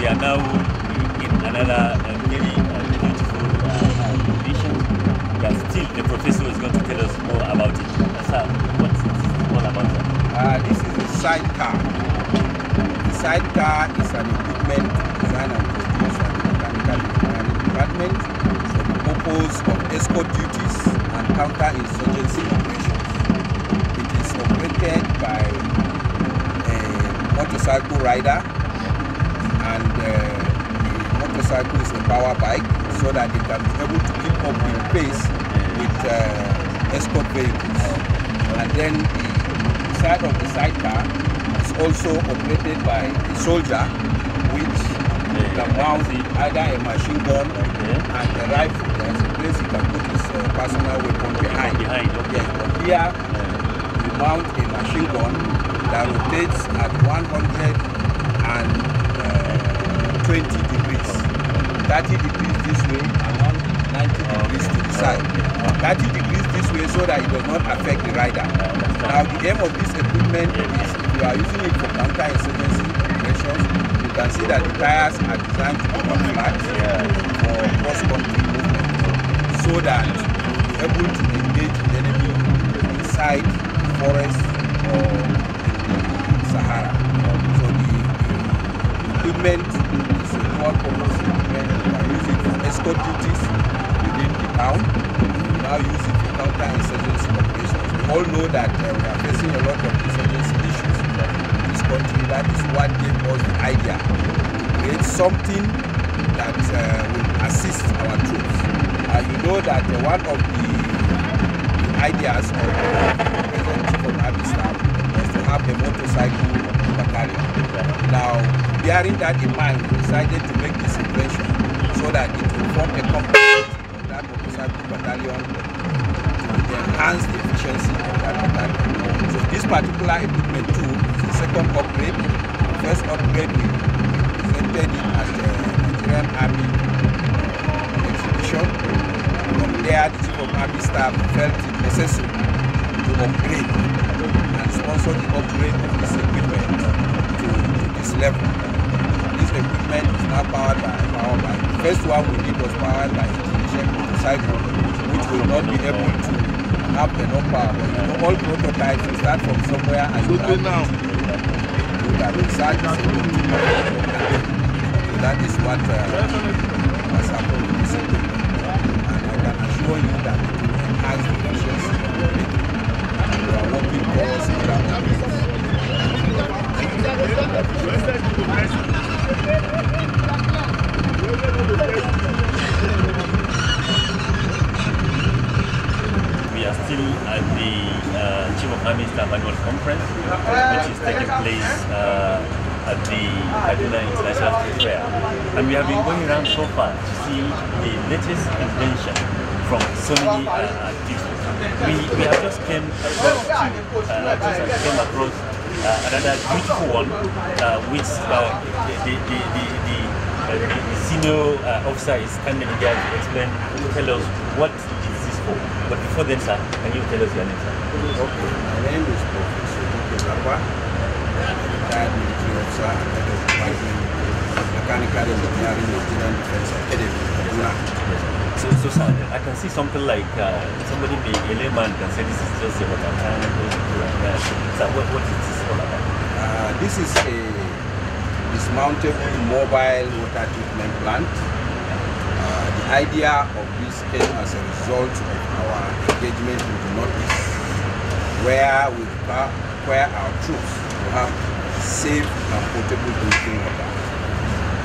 we are now in another very beautiful location. But still, the professor is going to tell us more about it. Sir, what's all about? That? Uh. Ah, this is a sidecar. The sidecar is an equipment designed and produced by the mechanical department for the purpose of escort duties and counter-insurgency operations. It is operated by a motorcycle rider and uh, the motorcycle is a power bike so that they can be able to keep up in pace with uh, escort vehicles. And then the side of the sidecar is also operated by a soldier which can mount either a machine gun and a rifle. There's a place he can put his uh, personal weapon behind. yes, but here, you mount a machine gun that rotates at 100 20 degrees 30 degrees this way and 90 degrees to the side 30 degrees this way so that it does not affect the rider now the aim of this equipment is if you are using it for counter insurgency operations you can see that the tires are designed to be flat for cross country movement so that are able to engage the enemy inside the forest or the Sahara so the equipment what purpose I use it for escort duties within the town. We now use it for counter-insurgency operations. We all know that uh, we are facing a lot of insurgency issues in this country. That is what gave us the idea to create something that uh, will assist our troops. Uh, you know that uh, one of the, the ideas of the present chief of staff was to have a motorcycle battalion. Now, bearing that in mind, decided to make this invention so that it will form a complement of that motorcycle battalion to enhance the efficiency of that battalion. So this particular equipment too is the second upgrade. The first upgrade we presented it as the Nigerian Army uh, exhibition. From there, the Chief of Army Staff felt it necessary to upgrade and sponsor the upgrade of this equipment to, to this level. equipment is now powered by power by. The first one we did was powered by Indonesian motorcycle, which will not be able to have enough power. you know, all prototypes will start from somewhere and so you now. So that we start to so that is what uh, has happened recently, And I can assure you that it will enhance the place uh, at the Kaduna International Fair. And we have been going around so far to see the latest invention from so many uh, artists. We, we have just came across, uh, to, uh, just came across uh, another beautiful one, uh, which uh, the, the, the, uh, the the senior uh, officer is standing here to explain, tell us what is this for. But before then, sir, can you tell us your name, sir? Okay, my name is Professor Kebaba retired military officer Mechanical Nigerian Defense Academy, So, so sir, I can see something like uh, somebody, the a layman, can say this is just a mechanical right So what, what is this all about? Uh, this is a dismountable mobile water treatment plant. Uh, the idea of this came as a result of our engagement in the Northeast, where we require our troops to have safe and potable drinking water.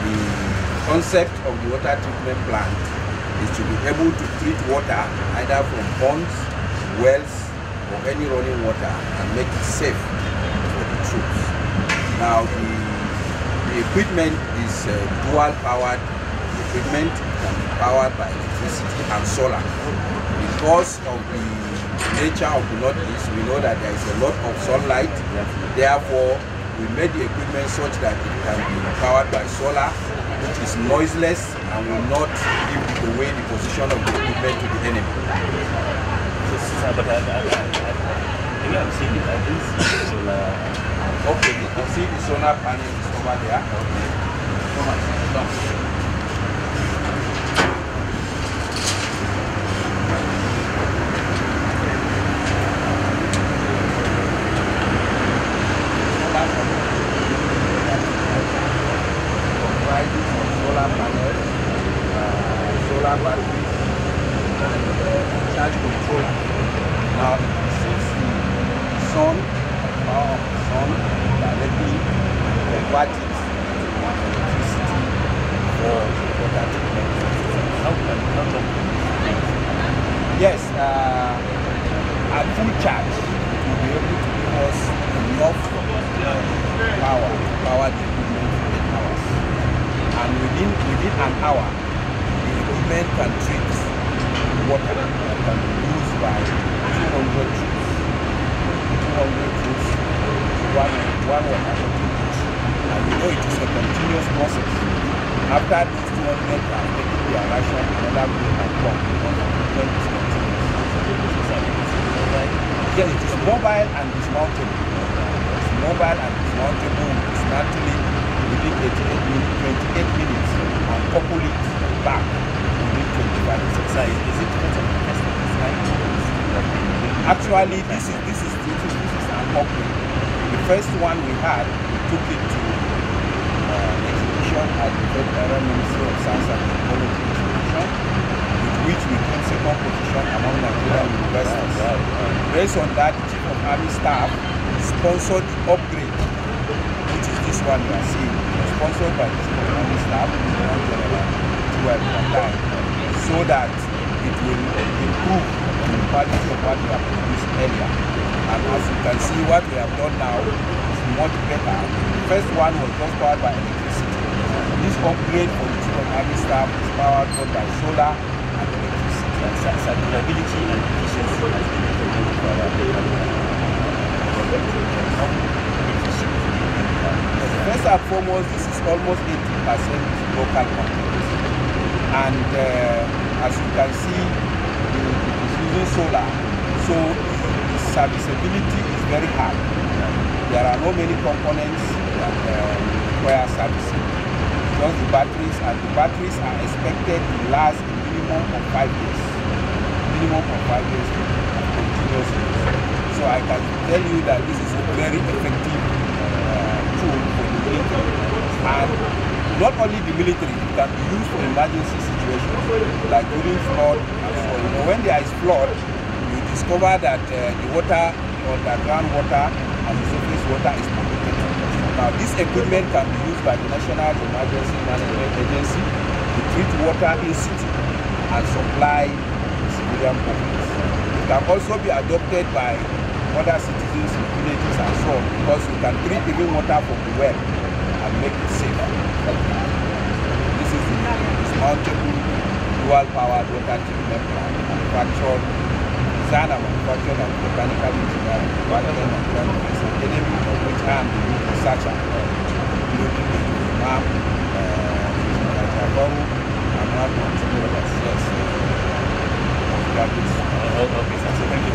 The concept of the water treatment plant is to be able to treat water either from ponds, wells, or any running water and make it safe for the troops. Now, the, the equipment is uh, dual-powered equipment. It can be powered by electricity and solar. Because of the nature of the Northeast, we know that there is a lot of sunlight. Therefore, we made the equipment such that it can be powered by solar, which is noiseless and will not give away the position of the equipment to the enemy. This is, but I, I, solar... Okay, you can see the solar panel is over there. Okay. Come on, come on. for, that. Yes, uh, a full charge will be able to give us enough uh, power, power to hours. And within within an hour, the equipment can treat water that can be used by 200 troops. 200 troops, one, one water we know it is a continuous process. After these 200 have taken are ration, another will have come. Then it's continuous. Yes, it is mobile and dismountable. It's mobile and dismountable with dismantling within 88 minutes, 28 minutes and couple it back within 25 minutes. is it because of the Actually, this is, this is, this is, this is an upgrade. The first one we had, we took it to uh, exhibition at the Federal Ministry of Science and Technology Exhibition, with which we came second position among Nigerian universities. Wow, Based on that, the Chief of Army Staff sponsored the upgrade, which is this one you are seeing, sponsored by the Chief of Army Staff, General General Tuwai so that it will improve the quality of what we have produced earlier. And as you can see, what we have done now is much better first one was just powered by electricity. This upgrade for the team of staff is powered both by solar and electricity. And sustainability and efficiency has been implemented for our First and foremost, this is almost 80% local content. And uh, as you can see, it is using solar. So the serviceability is very high. There are no many components require uh, servicing. because the batteries and the batteries are expected to last a minimum of five days. Minimum of five days. continuous use. So I can tell you that this is a very effective uh, tool for the military. And not only the military, it can be used for emergency situations like during flood. So, you know, when there is flood, you discover that uh, the water the the groundwater and the surface water is now. This equipment can be used by the National Emergency Management Agency to treat water in situ and supply civilian populace. It can also be adopted by other citizens in villages and so on because you can treat even water from the well and make it safe. This is the dismountable dual powered water treatment plant manufactured sana manufacturing and mechanical engineering rather than employment is an enemy of which I am the researcher, including the Imam, Jacobu, and one of the others. Yes, uh, okay, so thank you.